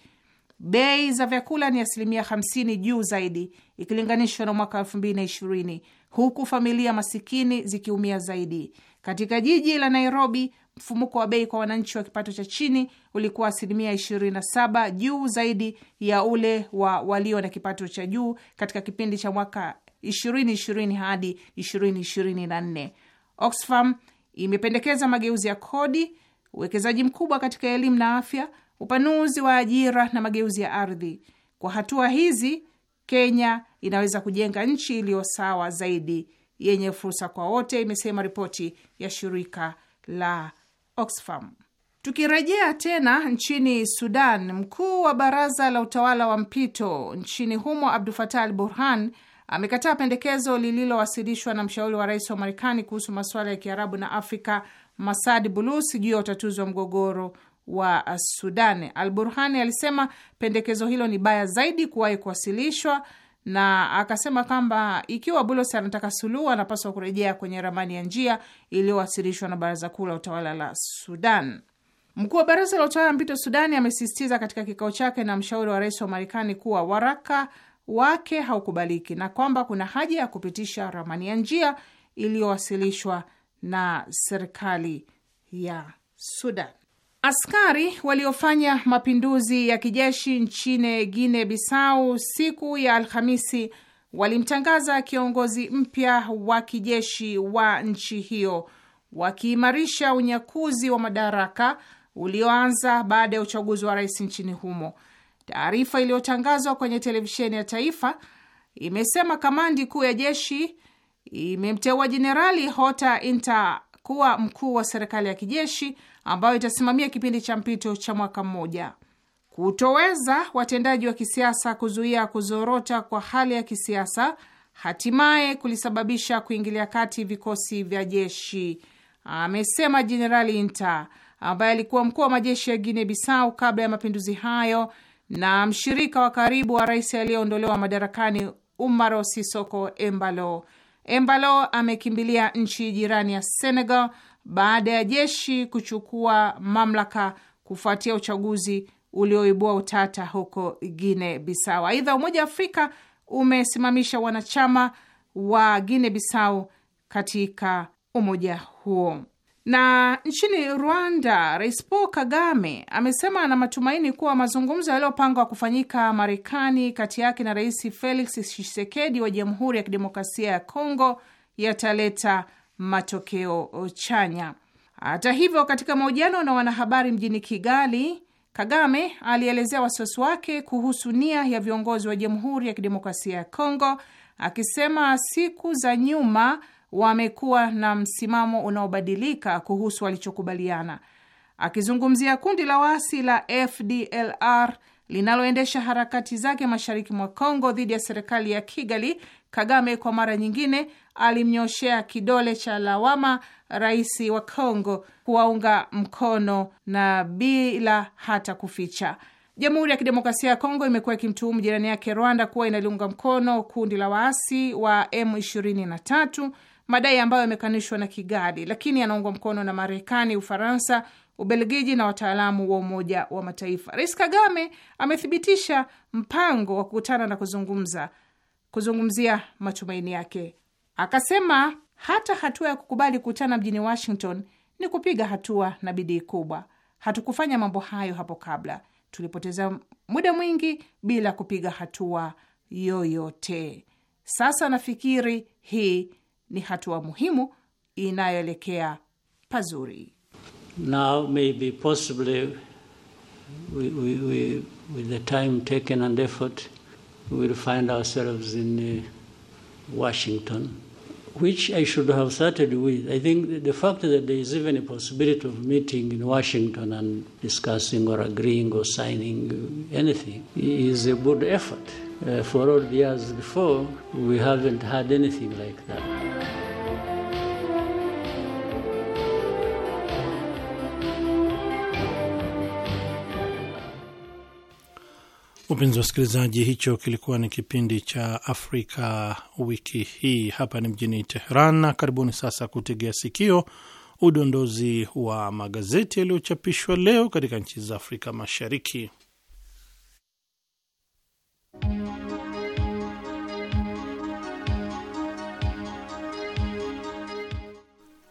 Bei za vyakula ni asilimia 50 juu zaidi ikilinganishwa na mwaka 2020 huku familia masikini zikiumia zaidi. Katika jiji la Nairobi, mfumuko wa bei kwa wananchi wa kipato cha chini ulikuwa asilimia 27 juu zaidi ya ule wa walio na kipato cha juu katika kipindi cha mwaka 2020 hadi 2024. Oxfam imependekeza mageuzi ya kodi, uwekezaji mkubwa katika elimu na afya, upanuzi wa ajira na mageuzi ya ardhi. Kwa hatua hizi Kenya inaweza kujenga nchi iliyo sawa zaidi yenye fursa kwa wote, imesema ripoti ya shirika la Oxfam. Tukirejea tena nchini Sudan, mkuu wa baraza la utawala wa mpito nchini humo Abdul Fatah Al Burhan amekataa pendekezo lililowasilishwa na mshauri wa rais wa Marekani kuhusu masuala ya Kiarabu na Afrika Masad Bulus juu ya utatuzi wa mgogoro wa Sudan. Al Burhani alisema pendekezo hilo ni baya zaidi kuwahi kuwasilishwa na akasema kwamba ikiwa Bulos anataka suluhu, anapaswa kurejea kwenye ramani ya njia iliyowasilishwa na Baraza Kuu la Utawala la Sudan. Mkuu wa Baraza la Utawala mpito Sudani amesisitiza katika kikao chake na mshauri wa rais wa Marekani kuwa waraka wake haukubaliki na kwamba kuna haja ya kupitisha ramani ya njia iliyowasilishwa na serikali ya Sudan. Askari waliofanya mapinduzi ya kijeshi nchini guine Bissau siku ya Alhamisi walimtangaza kiongozi mpya wa kijeshi wa nchi hiyo, wakiimarisha unyakuzi wa madaraka ulioanza baada ya uchaguzi wa rais nchini humo. Taarifa iliyotangazwa kwenye televisheni ya taifa imesema kamandi kuu ya jeshi imemteua Jenerali Hota Inter kuwa mkuu wa serikali ya kijeshi ambayo itasimamia kipindi cha mpito cha mwaka mmoja. Kutoweza watendaji wa kisiasa kuzuia kuzorota kwa hali ya kisiasa hatimaye kulisababisha kuingilia kati vikosi vya jeshi, amesema Jenerali inta ambaye alikuwa mkuu wa majeshi ya guine Bissau kabla ya mapinduzi hayo na mshirika wa karibu wa rais aliyeondolewa madarakani Umaro Sisoko Embalo. Embalo amekimbilia nchi jirani ya Senegal baada ya jeshi kuchukua mamlaka kufuatia uchaguzi ulioibua utata huko guine Bissau. Aidha, Umoja wa Afrika umesimamisha wanachama wa Guine Bissau katika umoja huo. Na nchini Rwanda, Rais Paul Kagame amesema ana matumaini kuwa mazungumzo yaliyopangwa kufanyika Marekani kati yake na Rais Felix Tshisekedi wa Jamhuri ya Kidemokrasia ya Kongo yataleta matokeo chanya. Hata hivyo, katika mahojiano na wanahabari mjini Kigali, Kagame alielezea wasiwasi wake kuhusu nia ya viongozi wa Jamhuri ya Kidemokrasia ya Kongo, akisema siku za nyuma wamekuwa na msimamo unaobadilika kuhusu walichokubaliana. Akizungumzia kundi la wasi la FDLR linaloendesha harakati zake mashariki mwa Kongo dhidi ya serikali ya Kigali, Kagame kwa mara nyingine alimnyoshea kidole cha lawama rais wa Kongo kuwaunga mkono na bila hata kuficha. Jamhuri ya Kidemokrasia ya Kongo imekuwa ikimtuhumu jirani yake Rwanda kuwa inaliunga mkono kundi la waasi wa M23, madai ambayo yamekanishwa na Kigali, lakini yanaungwa mkono na Marekani, Ufaransa, Ubelgiji na wataalamu wa Umoja wa Mataifa. Rais Kagame amethibitisha mpango wa kukutana na kuzungumza kuzungumzia matumaini yake Akasema hata hatua ya kukubali kukutana mjini Washington ni kupiga hatua na bidii kubwa. Hatukufanya mambo hayo hapo kabla, tulipoteza muda mwingi bila kupiga hatua yoyote. Sasa nafikiri hii ni hatua muhimu inayoelekea pazuri. Now maybe possibly we, we, we, with the time taken and effort find ourselves in uh, Washington which I should have started with. I think the fact that there is even a possibility of meeting in Washington and discussing or agreeing or signing anything is a good effort. Uh, for all the years before, we haven't had anything like that. Wapenzi wasikilizaji, hicho kilikuwa ni kipindi cha Afrika wiki hii. Hapa ni mjini Teheran, na karibuni sasa kutegea sikio udondozi wa magazeti yaliyochapishwa leo katika nchi za Afrika Mashariki.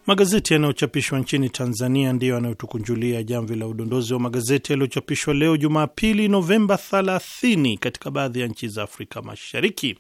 Magazeti yanayochapishwa nchini Tanzania ndiyo yanayotukunjulia jamvi la udondozi wa magazeti yaliyochapishwa leo Jumapili, Novemba 30 katika baadhi ya nchi za Afrika Mashariki,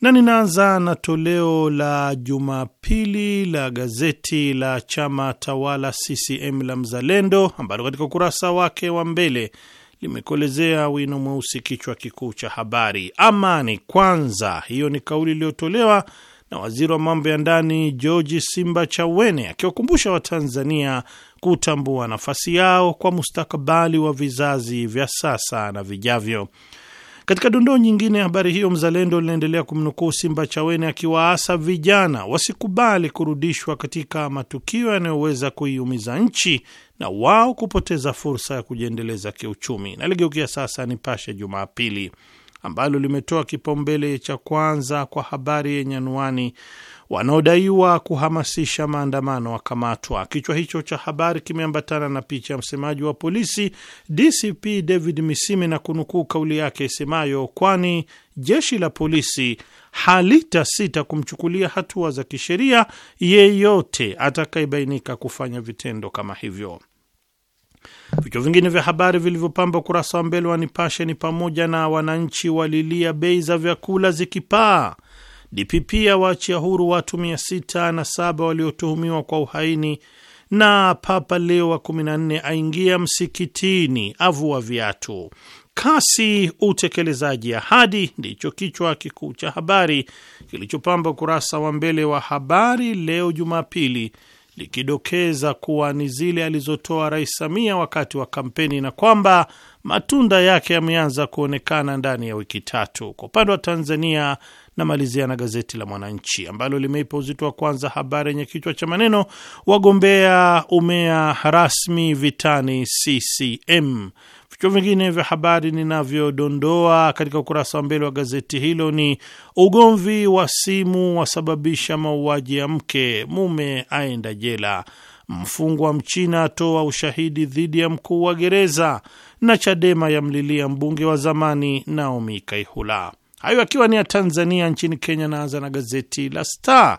na ninaanza na toleo la Jumapili la gazeti la chama tawala CCM la Mzalendo, ambalo katika ukurasa wake wa mbele limekolezea wino mweusi kichwa kikuu cha habari, amani kwanza. Hiyo ni kauli iliyotolewa na waziri wa mambo ya ndani George Simba Chawene akiwakumbusha Watanzania kutambua nafasi yao kwa mustakabali wa vizazi vya sasa na vijavyo. Katika dondoo nyingine ya habari hiyo, Mzalendo linaendelea kumnukuu Simba Chawene akiwaasa vijana wasikubali kurudishwa katika matukio yanayoweza kuiumiza nchi na wao kupoteza fursa ya kujiendeleza kiuchumi. Naligeukia sasa Nipashe Jumapili ambalo limetoa kipaumbele cha kwanza kwa habari yenye anwani wanaodaiwa kuhamasisha maandamano wakamatwa. Kichwa hicho cha habari kimeambatana na picha ya msemaji wa polisi DCP David misimi na kunukuu kauli yake isemayo, kwani jeshi la polisi halita sita kumchukulia hatua za kisheria yeyote atakayebainika kufanya vitendo kama hivyo. Vichwa vingine vya habari vilivyopamba ukurasa wa mbele wa Nipashe ni pamoja na wananchi walilia bei za vyakula zikipaa, DPP awaachia huru watu 67 waliotuhumiwa kwa uhaini, na Papa Leo wa 14 aingia msikitini avua viatu. Kasi utekelezaji ahadi ndicho kichwa kikuu cha habari kilichopamba ukurasa wa mbele wa Habari Leo Jumapili likidokeza kuwa ni zile alizotoa Rais Samia wakati wa kampeni na kwamba matunda yake yameanza kuonekana ndani ya wiki tatu. Kwa upande wa Tanzania, namalizia na gazeti la Mwananchi ambalo limeipa uzito wa kwanza habari yenye kichwa cha maneno wagombea umea rasmi vitani CCM. Vichwa vingine vya habari ninavyodondoa katika ukurasa wa mbele wa gazeti hilo ni ugomvi wa simu wasababisha mauaji ya mke, mume aenda jela, mfungwa mchina atoa ushahidi dhidi ya mkuu wa gereza, na Chadema yamlilia mbunge wa zamani Naomi Kaihula. Hayo akiwa ni ya Tanzania. Nchini Kenya, naanza na gazeti la Star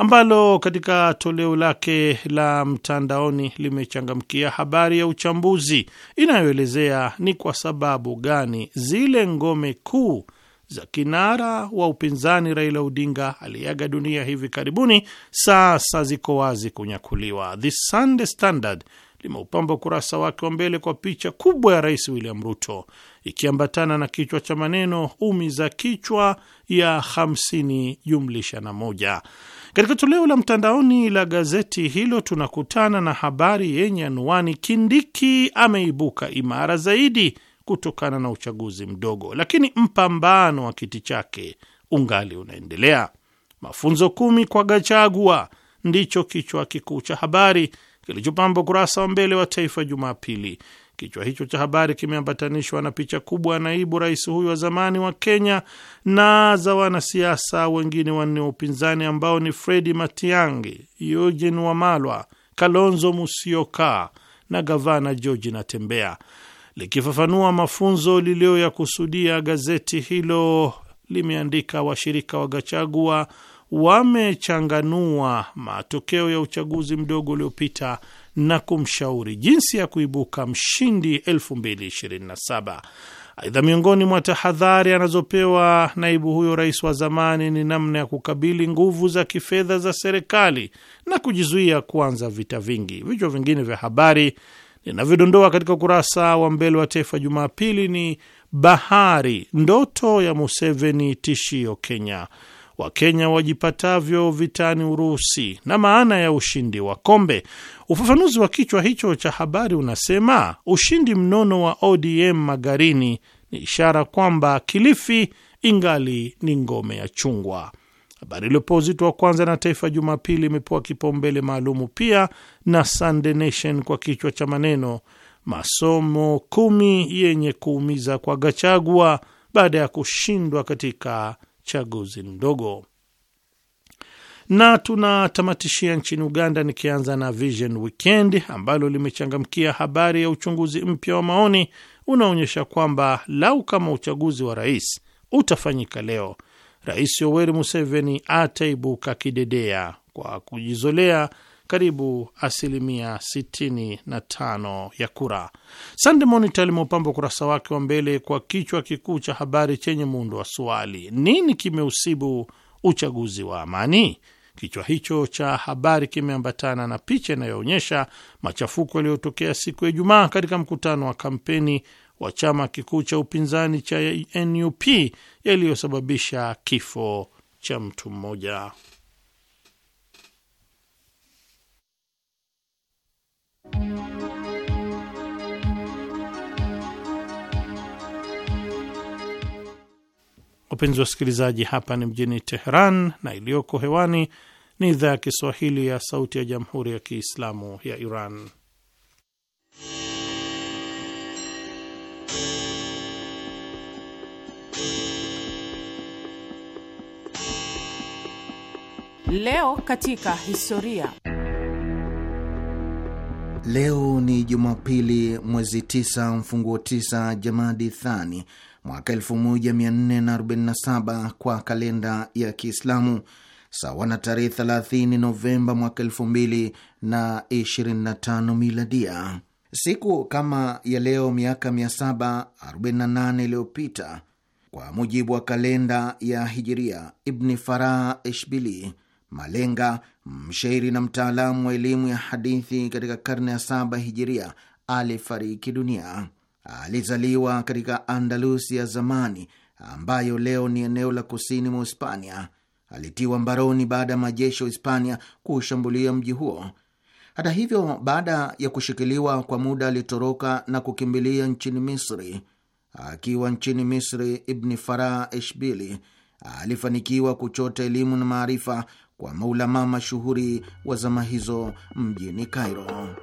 ambalo katika toleo lake la mtandaoni limechangamkia habari ya uchambuzi inayoelezea ni kwa sababu gani zile ngome kuu za kinara wa upinzani Raila Odinga aliaga dunia hivi karibuni sasa ziko wazi kunyakuliwa. The Sunday Standard limeupamba ukurasa wake wa mbele kwa picha kubwa ya Rais William Ruto ikiambatana na kichwa cha maneno umi za kichwa ya hamsini jumlisha na moja. Katika toleo la mtandaoni la gazeti hilo tunakutana na habari yenye anwani Kindiki ameibuka imara zaidi kutokana na uchaguzi mdogo, lakini mpambano wa kiti chake ungali unaendelea. Mafunzo kumi kwa Gachagua ndicho kichwa kikuu cha habari kilichopamba ukurasa wa mbele wa Taifa Jumapili, Kichwa hicho cha habari kimeambatanishwa na picha kubwa ya naibu rais huyu wa zamani wa Kenya na za wanasiasa wengine wanne wa upinzani ambao ni Fredi Matiang'i, Eugene Wamalwa, Kalonzo Musyoka na gavana George Natembea. Likifafanua mafunzo liliyoyakusudia, gazeti hilo limeandika washirika wa Gachagua wamechanganua matokeo ya uchaguzi mdogo uliopita na kumshauri jinsi ya kuibuka mshindi 2027. Aidha, miongoni mwa tahadhari anazopewa naibu huyo rais wa zamani ni namna ya kukabili nguvu za kifedha za serikali na kujizuia kuanza vita vingi. Vichwa vingine vya habari linavyodondoa katika ukurasa wa mbele wa Taifa Jumapili ni bahari, ndoto ya Museveni tishio Kenya, Wakenya wajipatavyo vitani Urusi na maana ya ushindi wa kombe. Ufafanuzi wa kichwa hicho cha habari unasema ushindi mnono wa ODM Magarini ni ishara kwamba Kilifi ingali ni ngome ya chungwa. Habari iliyopewa uzito wa kwanza na Taifa Jumapili imepewa kipaumbele maalumu pia na Sunday Nation kwa kichwa cha maneno masomo kumi yenye kuumiza kwa Gachagua baada ya kushindwa katika chaguzi ndogo na tunatamatishia nchini Uganda, nikianza na Vision Weekend ambalo limechangamkia habari ya uchunguzi mpya wa maoni unaonyesha kwamba lau kama uchaguzi wa rais utafanyika leo, Rais Yoweri Museveni ataibuka kidedea kwa kujizolea karibu asilimia 65 ya kura. Sunday Monitor limeupamba ukurasa wake wa mbele kwa kichwa kikuu cha habari chenye muundo wa swali, nini kimeusibu uchaguzi wa amani? Kichwa hicho cha habari kimeambatana na picha inayoonyesha machafuko yaliyotokea siku ya Ijumaa katika mkutano wa kampeni wa chama kikuu cha upinzani cha NUP yaliyosababisha kifo cha mtu mmoja. Wapenzi wasikilizaji, hapa ni mjini Teheran na iliyoko hewani ni idhaa ya Kiswahili ya Sauti ya Jamhuri ya Kiislamu ya Iran. Leo katika historia. Leo ni Jumapili, mwezi 9 mfunguo 9 Jamadi Thani mwaka 1447 kwa kalenda ya Kiislamu, sawa na tarehe 30 Novemba mwaka 2025 miladia. Siku kama ya leo miaka 748 iliyopita kwa mujibu wa kalenda ya Hijiria, Ibni Farah Eshbili, malenga mshairi na mtaalamu wa elimu ya hadithi katika karne ya saba Hijiria, alifariki dunia alizaliwa katika Andalusi ya zamani ambayo leo ni eneo la kusini mwa Hispania. Alitiwa mbaroni baada ya majeshi ya Hispania kuushambulia mji huo. Hata hivyo, baada ya kushikiliwa kwa muda, alitoroka na kukimbilia nchini Misri. Akiwa nchini Misri, Ibni Farah Eshbili alifanikiwa kuchota elimu na maarifa kwa maulamaa mashuhuri wa zama hizo mjini Kairo.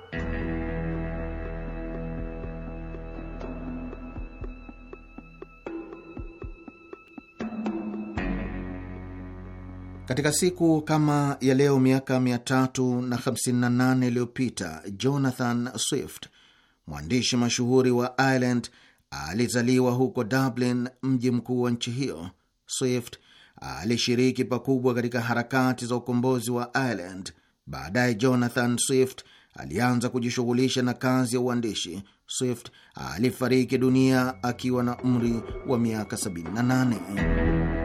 Katika siku kama ya leo miaka 358 iliyopita Jonathan Swift, mwandishi mashuhuri wa Ireland, alizaliwa huko Dublin, mji mkuu wa nchi hiyo. Swift alishiriki pakubwa katika harakati za ukombozi wa Ireland. Baadaye Jonathan Swift alianza kujishughulisha na kazi ya uandishi. Swift alifariki dunia akiwa na umri wa miaka 78.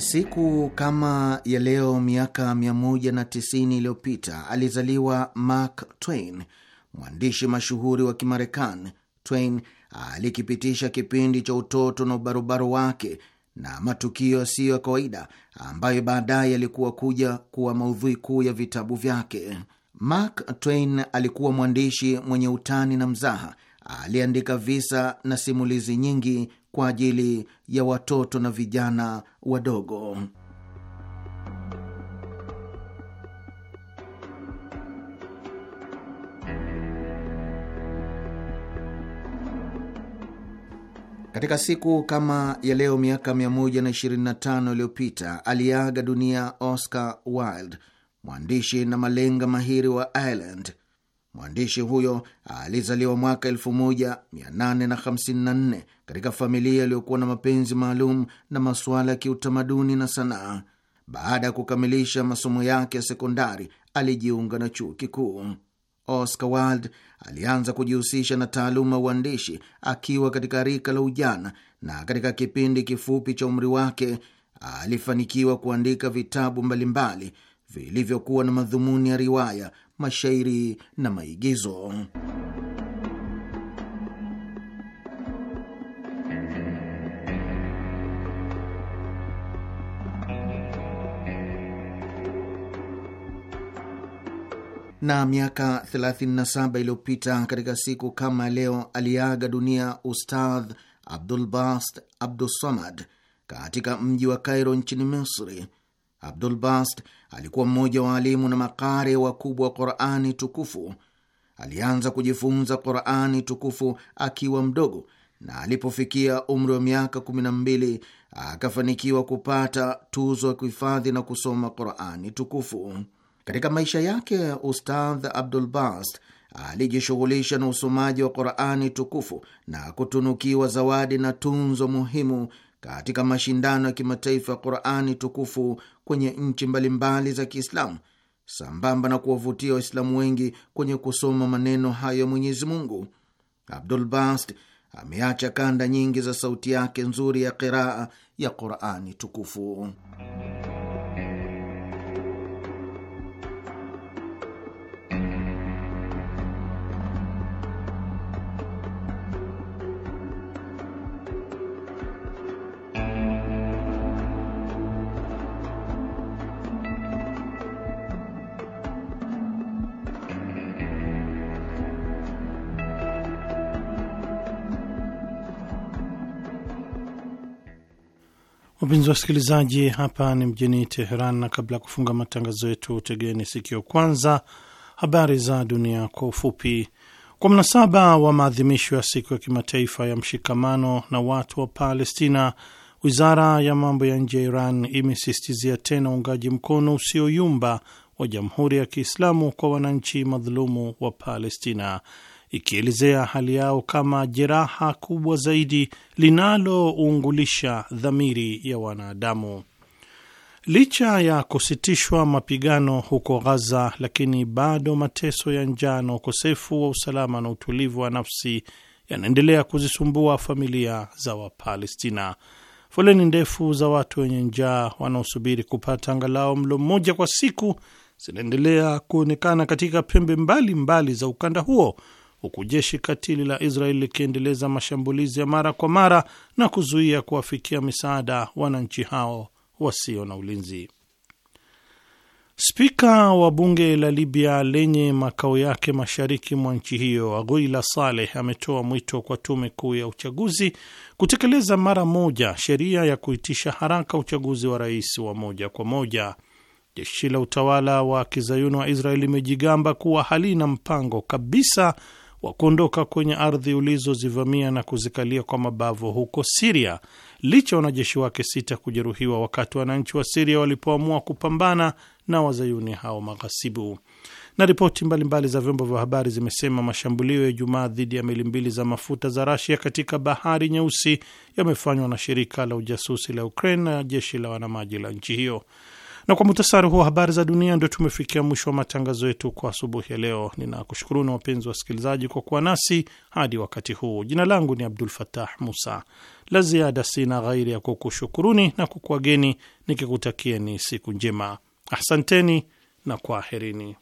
Siku kama ya leo miaka 190 iliyopita alizaliwa Mark Twain, mwandishi mashuhuri wa Kimarekani. Twain alikipitisha kipindi cha utoto na ubarobaro wake na matukio yasiyo ya kawaida ambayo baadaye yalikuwa kuja kuwa maudhui kuu ya vitabu vyake. Mark Twain alikuwa mwandishi mwenye utani na mzaha aliandika visa na simulizi nyingi kwa ajili ya watoto na vijana wadogo. Katika siku kama ya leo miaka 125 iliyopita aliaga dunia Oscar Wilde, mwandishi na malenga mahiri wa Ireland. Mwandishi huyo alizaliwa mwaka 1854 katika familia iliyokuwa na mapenzi maalum na masuala ya kiutamaduni na sanaa. Baada ya kukamilisha masomo yake ya sekondari, alijiunga na chuo kikuu. Oscar Wilde alianza kujihusisha na taaluma ya uandishi akiwa katika rika la ujana, na katika kipindi kifupi cha umri wake alifanikiwa kuandika vitabu mbalimbali vilivyokuwa na madhumuni ya riwaya, mashairi na maigizo. na miaka 37 iliyopita katika siku kama leo aliaga dunia Ustadh Abdulbast Abdussamad katika mji wa Kairo nchini Misri. Abdulbast alikuwa mmoja wa alimu na makari wakubwa wa Qurani tukufu. Alianza kujifunza Qurani tukufu akiwa mdogo na alipofikia umri wa miaka kumi na mbili akafanikiwa kupata tuzo ya kuhifadhi na kusoma Qurani tukufu. Katika maisha yake, Ustadh Abdul Bast alijishughulisha na usomaji wa Qurani tukufu na kutunukiwa zawadi na tunzo muhimu katika mashindano ya kimataifa ya Qurani tukufu kwenye nchi mbalimbali za Kiislamu, sambamba na kuwavutia Waislamu wengi kwenye kusoma maneno hayo ya Mwenyezi Mungu. Abdul Bast ameacha kanda nyingi za sauti yake nzuri ya qiraa ya Qurani tukufu. Wapenzi wasikilizaji, hapa ni mjini Teheran, na kabla ya kufunga matangazo yetu, tegeni sikio kwanza habari za dunia kwa ufupi. Kwa mnasaba wa maadhimisho ya siku ya kimataifa ya mshikamano na watu wa Palestina, wizara ya mambo ya nje ya Iran imesistizia tena uungaji mkono usioyumba wa Jamhuri ya Kiislamu kwa wananchi madhulumu wa Palestina ikielezea hali yao kama jeraha kubwa zaidi linaloungulisha dhamiri ya wanadamu. Licha ya kusitishwa mapigano huko Ghaza, lakini bado mateso ya njaa na ukosefu wa usalama na utulivu wa nafsi yanaendelea kuzisumbua familia za Wapalestina. Foleni ndefu za watu wenye njaa wanaosubiri kupata angalau mlo mmoja kwa siku zinaendelea kuonekana katika pembe mbalimbali mbali za ukanda huo huku jeshi katili la Israel likiendeleza mashambulizi ya mara kwa mara na kuzuia kuwafikia misaada wananchi hao wasio na ulinzi. Spika wa bunge la Libya lenye makao yake mashariki mwa nchi hiyo Aguila Saleh ametoa mwito kwa tume kuu ya uchaguzi kutekeleza mara moja sheria ya kuitisha haraka uchaguzi wa rais wa moja kwa moja. Jeshi la utawala wa kizayuni wa Israeli limejigamba kuwa halina mpango kabisa wa kuondoka kwenye ardhi ulizozivamia na kuzikalia kwa mabavu huko Siria, licha wanajeshi wake sita kujeruhiwa wakati wananchi wa Siria walipoamua kupambana na wazayuni hao maghasibu. Na ripoti mbalimbali za vyombo vya habari zimesema mashambulio ya Ijumaa dhidi ya meli mbili za mafuta za Rasia katika bahari Nyeusi yamefanywa na shirika la ujasusi la Ukraine na jeshi la wanamaji la nchi hiyo. Na kwa muhtasari huo habari za dunia, ndio tumefikia mwisho wa matangazo yetu kwa asubuhi ya leo. Ninakushukuruni wapenzi wa wasikilizaji kwa kuwa nasi hadi wakati huu. Jina langu ni Abdul Fatah Musa. La ziada sina ghairi ya kukushukuruni na kukuageni nikikutakieni siku njema. Asanteni na kwaherini.